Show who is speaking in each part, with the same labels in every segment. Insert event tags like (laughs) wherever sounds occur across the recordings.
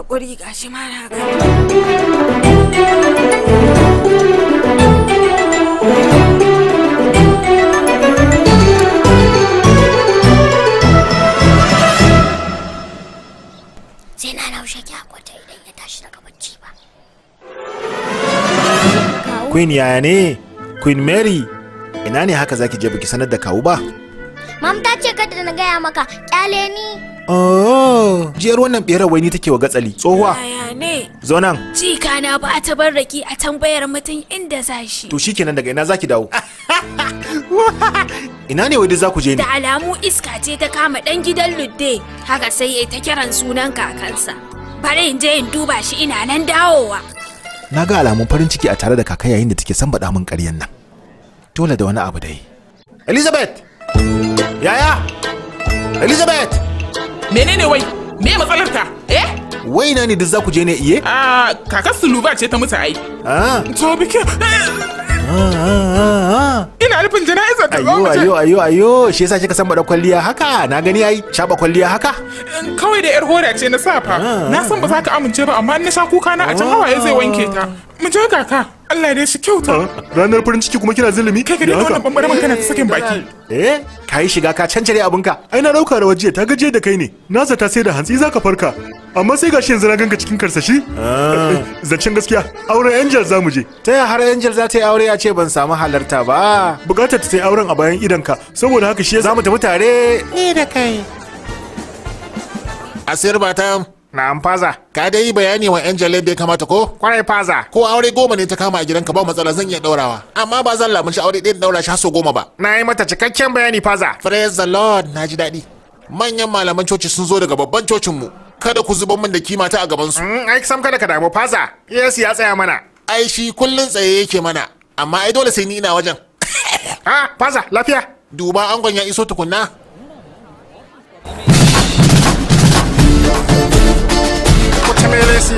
Speaker 1: haƙuri shi ma na gani sai na naushe ki hakwata idan ya tashi daga bacci ba. Queen yaya ne? Queen Mary, ina ne haka zaki je baki sanar da kawu ba?
Speaker 2: Mam ta ce kada na gaya maka, kyale ni.
Speaker 1: Oh, jiyar wannan ɓerar wai ni take wa gatsali. Tsohuwa. Zo nan.
Speaker 2: Jika na ba ta barraki a tambayar mutum inda za shi. To
Speaker 1: kenan daga ina zaki dawo.
Speaker 2: (laughs)
Speaker 1: ina ne wai za ku je ne? Da
Speaker 2: alamu iska ce ta kama ɗan gidan Ludde, haka sai ya ta kiran sunan kakansa. Bari in je in duba shi ina nan dawowa.
Speaker 1: Na ga alamun farin ciki a tare da kaka yayin da take san baɗa min ƙaryan nan. tola da wani abu dai. Elizabeth! Yaya! Elizabeth!
Speaker 2: menene wai me matsalar ta
Speaker 1: eh wai na ne duk za ku je ne iye a ah, kakar suluba ce ta mutu ai ah to bike ah, ah, Ina nufin jana'iza ta zo Ayo ayo ayo shi yasa kika san bada kwalliya haka na gani ai shaba kwalliya haka
Speaker 2: eh, kawai da yar hora ce na
Speaker 1: safa na san ba za ka amince ba amma na sha kuka na a can hawaye zai wanke ta mu je kaka Allah dai shi kyauta. Ranar farin ciki kuma kina zulumi? Kai ka dai wannan kana ta sakin baki. Eh, kai yi shiga ka cancare abinka. Ai na dauka rawar jiya ta gaje da kai ne. Na zata sai da hantsi zaka farka. Amma sai gashi yanzu na ganka cikin karsashi? Ah. (laughs) Zancen gaskiya, auren Angel za mu je. Ta yaya har Angel za ta yi aure ya ce ban samu halarta ba. Bukatar ta sai auren a bayan idanka, saboda haka shi ya za mu tafi tare. Ni eh, da kai. Asir Na'am faza. Ka dai yi bayani wa yan jalab da ya kamata ko? Kwarai faza. Ko aure goma ne ta kama a gidanka ba matsala zan iya daurawa. Amma ba zan shi aure da daura shi so goma ba. Na yi mata cikakken bayani faza. Praise the Lord, na ji daɗi. Manyan malaman coci sun zo daga babban cocinmu. Kada ku zuban min da kima ta a gabansu. Mm, ai sam kada ka damu faza. Yes ya tsaya mana. Ai shi kullun tsaye yake mana. Amma ai dole sai ni ina wajen. ah, faza lafiya. Duba angon ya iso tukunna. Chamelesi.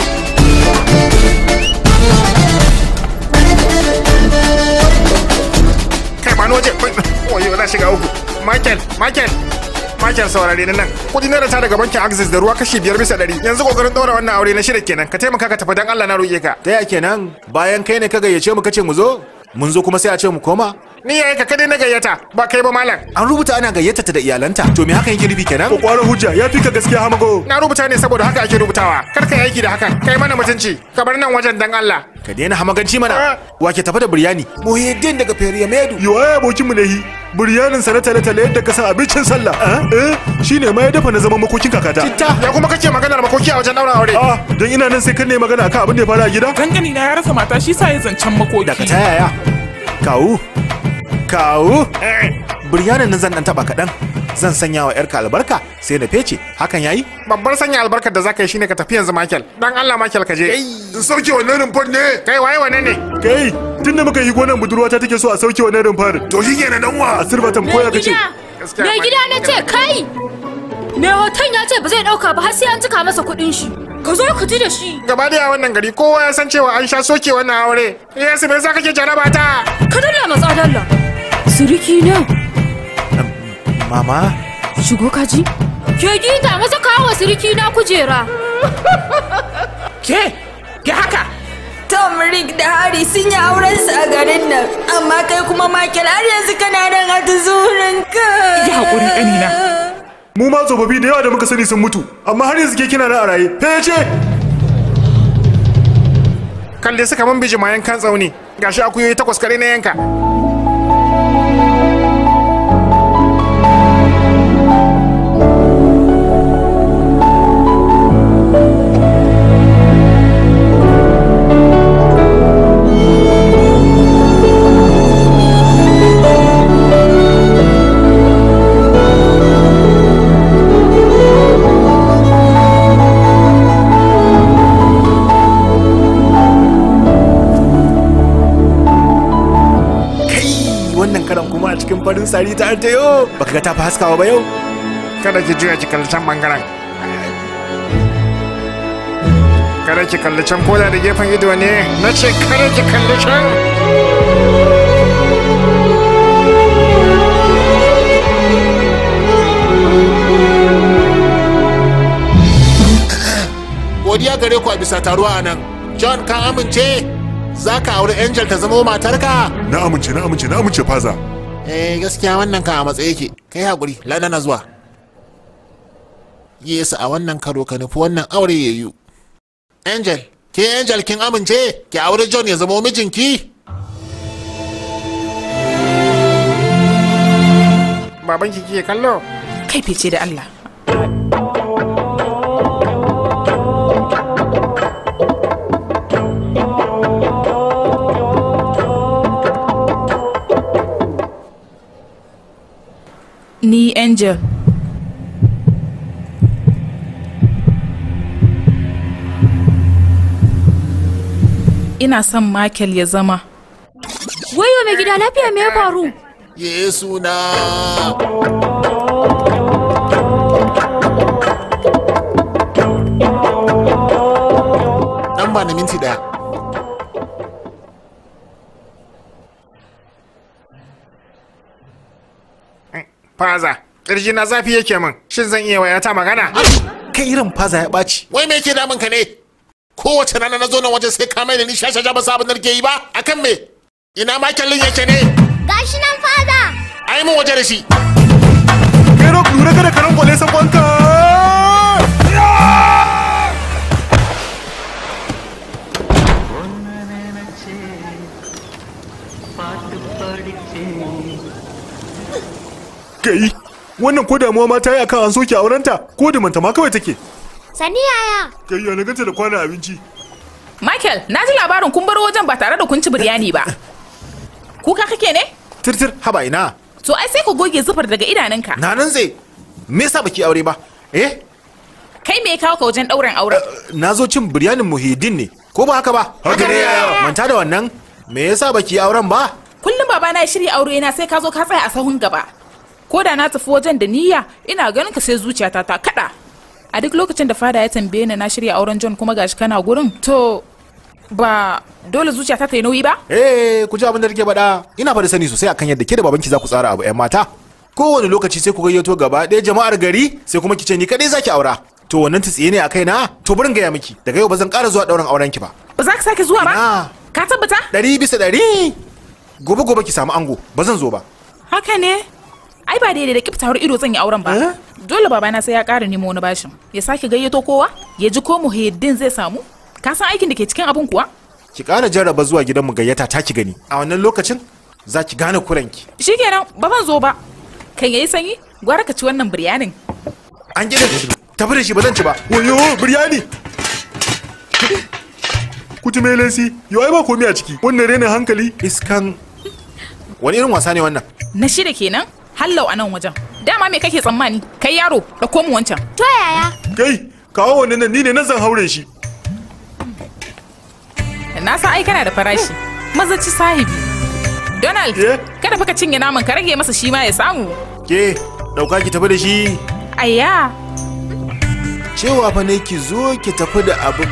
Speaker 1: Kai ba waje wayo na shiga uku. Michael, Michael. Michael saurare na nan. Kudi na rata daga bankin Axis da ruwa kashi biyar bisa ɗari. Yanzu kokarin ɗaura wannan aure na shida kenan. Ka taimaka ka tafi dan Allah na roƙe ka. Ta ya kenan? Bayan kai ne ka gayyace mu kace mu zo? Mun zo kuma sai a ce mu koma? ni yayi ka kadai na gayyata ba kai ba malam an rubuta ana gayyata ta da iyalanta to me haka yake rubi kenan ko kwarar hujja ya fi ka gaskiya hamago na rubuta ne saboda haka ake rubutawa kar ka aiki da haka. kai mana mutunci ka bar nan wajen dan Allah ka daina hamaganci mana eh. wake tafi da biryani muhiddin daga feriya medu yiwa abokin mu hi biryanin sa na tale-tale yadda ka sa abincin sallah eh, eh? shine ma ya dafa na zaman makokin kakata citta ya kuma kake maganar makoki a wajen daura aure ah dan ina nan sai kan ne magana akan abin da ya faru a gida kankani na ya rasa mata shi sa ya makoki daga ta yaya kawo eh. biryanin nan zan dan taba kaɗan zan sanya wa yarka albarka sai na fece hakan yayi babbar sanya albarkar da ka yi shine ka tafi yanzu Michael dan Allah Michael ka je in sauke wannan rumfar ne kai waye wane ne kai tunda muka yi gonan budurwata take so a sauke wannan rumfar to shi kenan dan wa a sirba ka kace
Speaker 2: mai gida na ce kai Me hoton ya ce ba zai dauka ba har sai an cika masa kuɗin shi ka zo ka ji da shi
Speaker 1: gaba da wannan gari kowa ya san cewa an sha soke wannan aure sai
Speaker 2: me yasa kake jaraba ta ka dalla matsa dalla Siriki na. Mama? Shigo kaji? Ke gita maza kawo siriki na kujera. Ke? Ke haka? Tom Rick da hari sun yi auren su a garin nan, amma kai kuma Michael har yanzu kana nan a tuzurin ka. Ya haƙuri ƙanina.
Speaker 1: Mu ma tsofaffi da yawa da muka sani sun mutu, amma har yanzu ke kina nan a raye. Fece! kalle su kaman bijimayen kan tsauni gashi akuyoyi takwas kare na yanka a cikin farin sari ta arte yo baka ga ta fi haskawa ba yau kada ki juya ki kalli can bangaren kada ki kalli can koda da gefen ido ne na ce kada ki kalli can godiya gare ku a bisa taruwa a nan john ka amince za ka auri angel ta zama matarka na amince na amince na amince faza eh gaskiya wannan ka a matsayi yake kai hakuri lana na zuwa yesu a wannan karo ka nufi wannan aure ya yi angel ke angel kin amince ki aure john ya zama mijinki
Speaker 2: babanki kike kallo kai fice da allah ni angel ina son Michael ya zama. Wayo mai gida lafiya mai ya faru?
Speaker 1: Yesu na. na minti daya. faza ƙirji na zafi yake min shin zan iya wayata magana kai irin faza ya ɓaci wai me yake damun ka ne kowace rana na zo nan wajen sai ka mai da ni shasha ba sabon da ke yi ba akan me ina ma kyallin yake ne gashi nan faza ai mu waje da shi kai lura kada karan kwale san ka kai wannan ko damuwa ma ta yi akan an soke aurenta ko da manta ma kawai take.
Speaker 2: Sani yaya. kai ya na ganta da kwana abinci. Michael, na ji labarin kun bar wajen ba tare da kun ci biryani ba. Kuka kake ne? Tirtir, haba ina. To ai sai ka goge zufar daga idanunka. Na nan
Speaker 1: zai. Me yasa baki aure ba? Eh?
Speaker 2: Kai me ya kawo ka wajen ɗauren auren? Eh,
Speaker 1: eh, na zo cin biryanin Muhiddin ne. Ko ba haka ba? Haka ne. Manta da wannan. Me
Speaker 2: yasa baki auren ba? Kullum babana ya shirya aure na sai ka zo ka tsaya a sahun gaba. ko da na tafi wajen da niyya ina ganin ka sai zuciyata ta kada a duk lokacin da fada ya tambaye ni na shirya auren john kuma gashi kana gurin to ba dole zuciyata ta yi nauyi ba
Speaker 1: eh ku ji abin da kike faɗa ina fara sani sosai akan yadda ke da babanki za ku tsara abu ƴan mata kowane lokaci sai ku gayyato gaba ɗaya jama'ar gari sai kuma ki ce ni kaɗai zaki aura to wannan tsiye ne a kaina to burin gaya miki daga yau ba zan ƙara zuwa ɗaurin auren ki ba
Speaker 2: ba za ka sake zuwa ba ka tabbata ɗari bisa ɗari
Speaker 1: gobe gobe ki samu ango ba zan zo ba
Speaker 2: haka ne ai ba daidai da kifta har ido zan yi auren ba eh? dole babana sai ya ƙara nemo wani bashin ya sake gayyato kowa ya ji ko muhiddin zai samu ka san aikin da ke cikin abun kuwa
Speaker 1: ki ƙara jarraba zuwa gidan mu gayyata ta ki gani a wannan lokacin za ki gane kuranki
Speaker 2: shikenan ba ban zo ba kan yayi sanyi gwara ka ci wannan biryanin
Speaker 1: an gida tafi da shi ba zan ci ba wayo biryani kuti mai lansi yau ai ba komai a ciki wannan renin
Speaker 2: hankali iskan wani irin wasa ne wannan na shida kenan hallau a nan wajen dama me kake tsammani kai yaro da komu wancan to yaya kai
Speaker 1: kawo wani nan ni ne na
Speaker 2: zan haure shi na san ai kana da farashi mazaci sahibi donald kada fa ka cinye naman ka rage masa shi ma ya samu ke
Speaker 1: dauka ki tafi da shi ayya cewa fa ne ki zo ki tafi da abu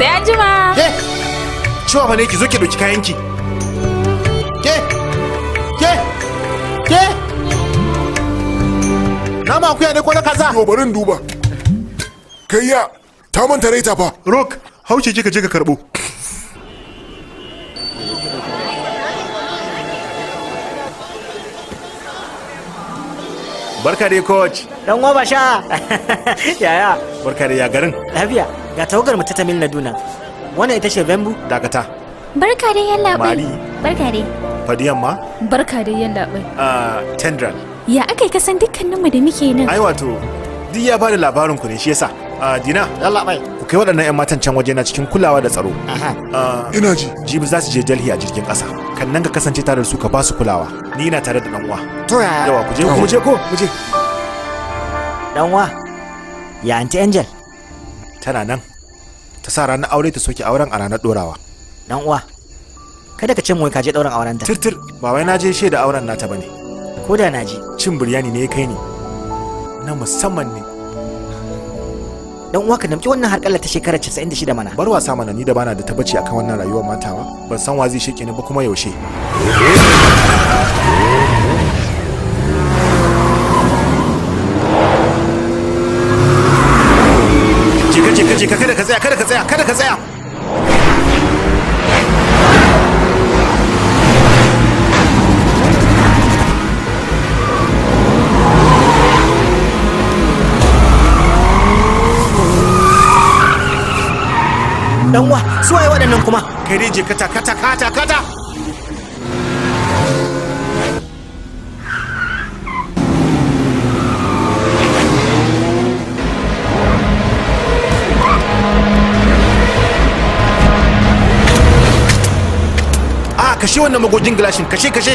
Speaker 1: sai an jima cewa fa ne ki zo ki dauki kayanki ke ke ke nama akuya ne ko na kaza Yo barin duba kai ya ta manta raita fa rock hauce kika je ka karbo barka dai coach dan uwa basha
Speaker 2: (laughs) yaya
Speaker 1: barka dai ya garin lafiya ga tawagar mu ta tamil naduna wannan ita ce Bembu? dakata
Speaker 2: barka dai yalla
Speaker 1: barka dai fadi yamma.
Speaker 2: barka da yin labai
Speaker 1: a ah, tendral
Speaker 2: ya aka kasan dukkanin dukkaninmu da muke nan ai wato
Speaker 1: duk ya bada labarin ku ne shi yasa a ah, dina yan labai ku kai waɗannan yan matan can waje na cikin kulawa da tsaro ah, ina ji jibi za su je delhi a jirgin ƙasa kan nan ka kasance tare da su ka ba su kulawa ni na tare da ɗan uwa to ya yawa ku je ku je ko ku je Ɗan uwa ya anti angel tana nan ta sa ranar aure ta soke auren a ranar dorawa ɗan uwa kada ka ce mu ka je dauran auren ta tirtir ba wai na je da auren nata bane ko da na je cin biryani ne kai ni na musamman ne dan uwa ka damki wannan har kallata shekarar 96 mana bar wasa mana ni da bana da tabbaci akan wannan rayuwar matawa ban san wa zai shike ni ba kuma yaushe kada ka tsaya kada ka tsaya kada ka tsaya dan uwa su waye waɗannan kuma kai dai je kata kata kata kata ah, kashe wannan magogin gilashin kashe kashe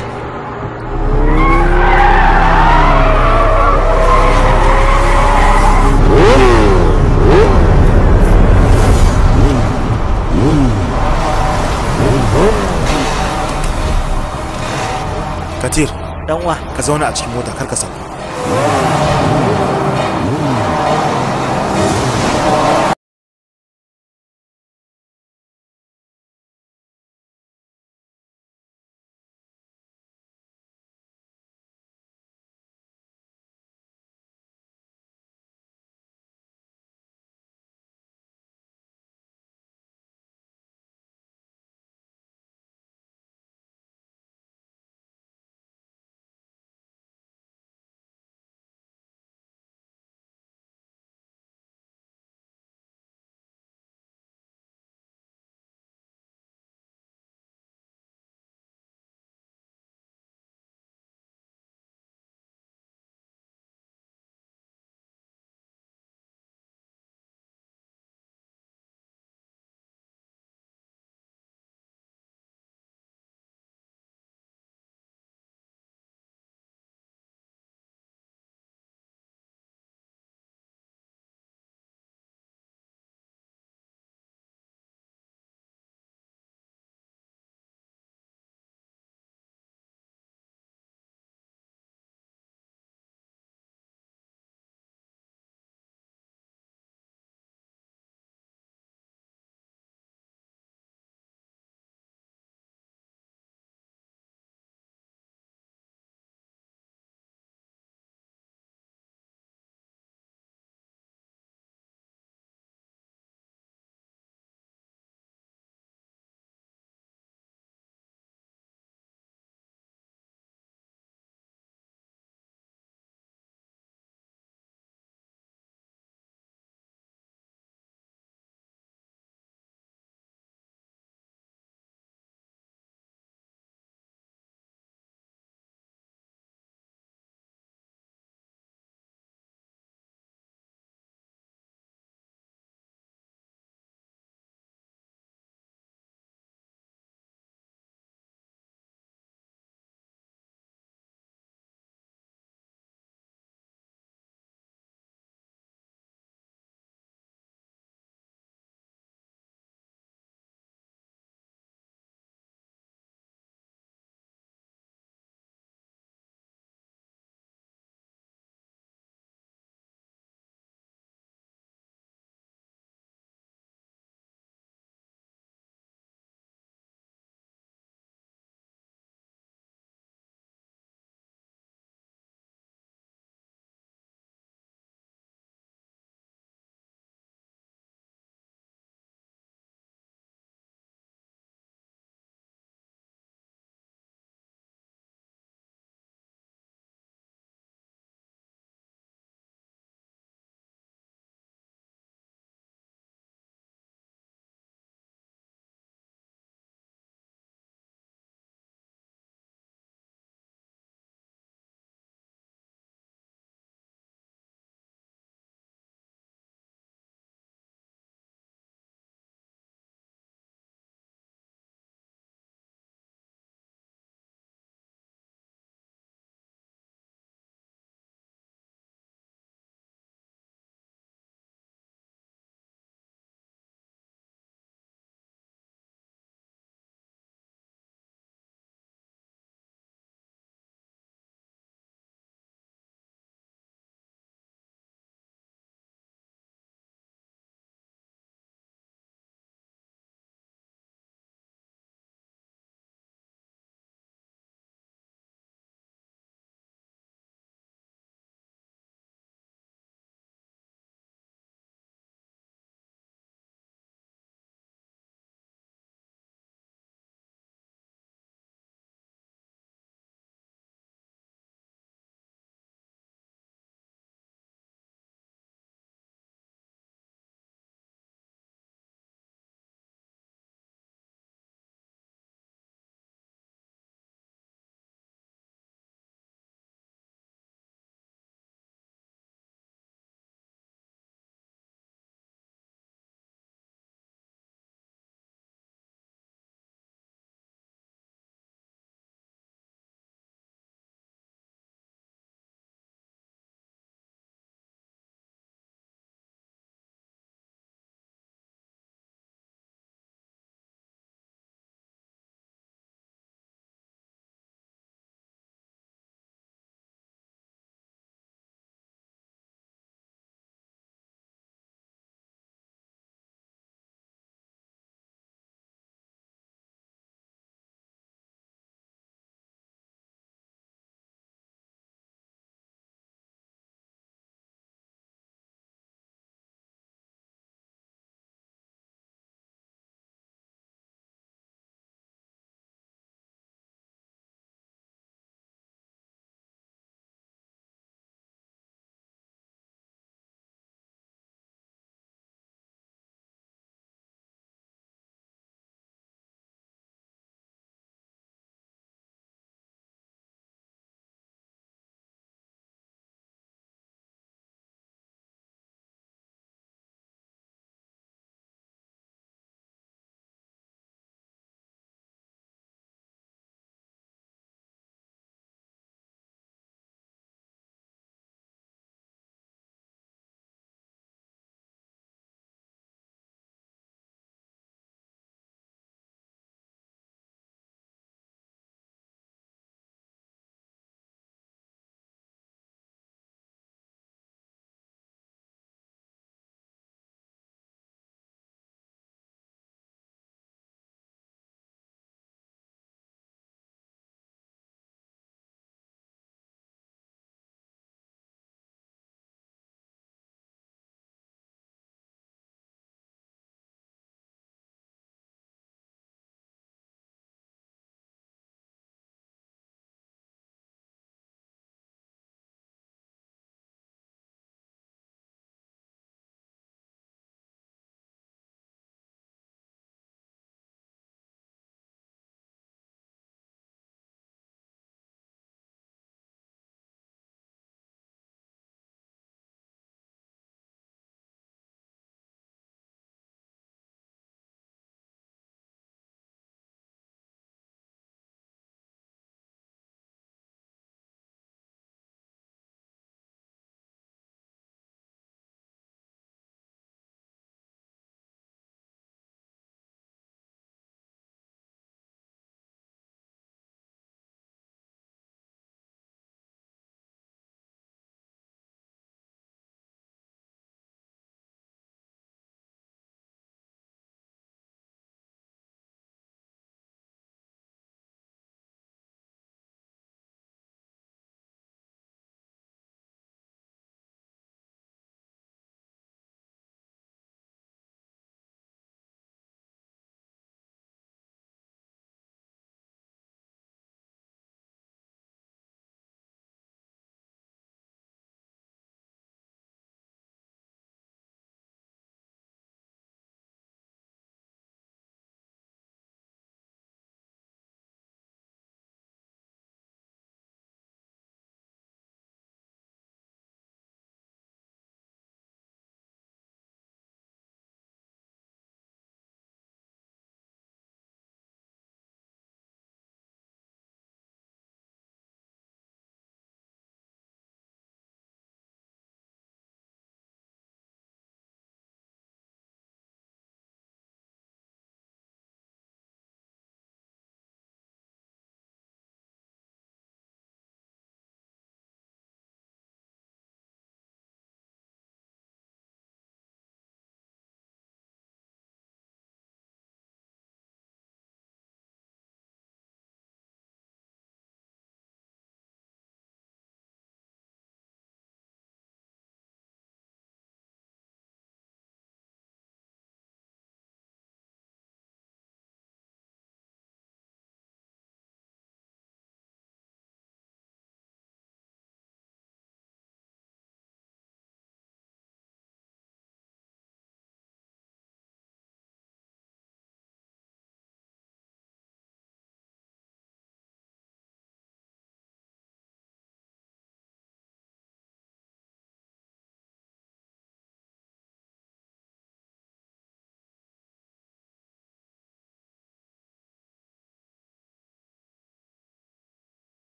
Speaker 1: dan uwa ka zauna a cikin mota kar ka sauka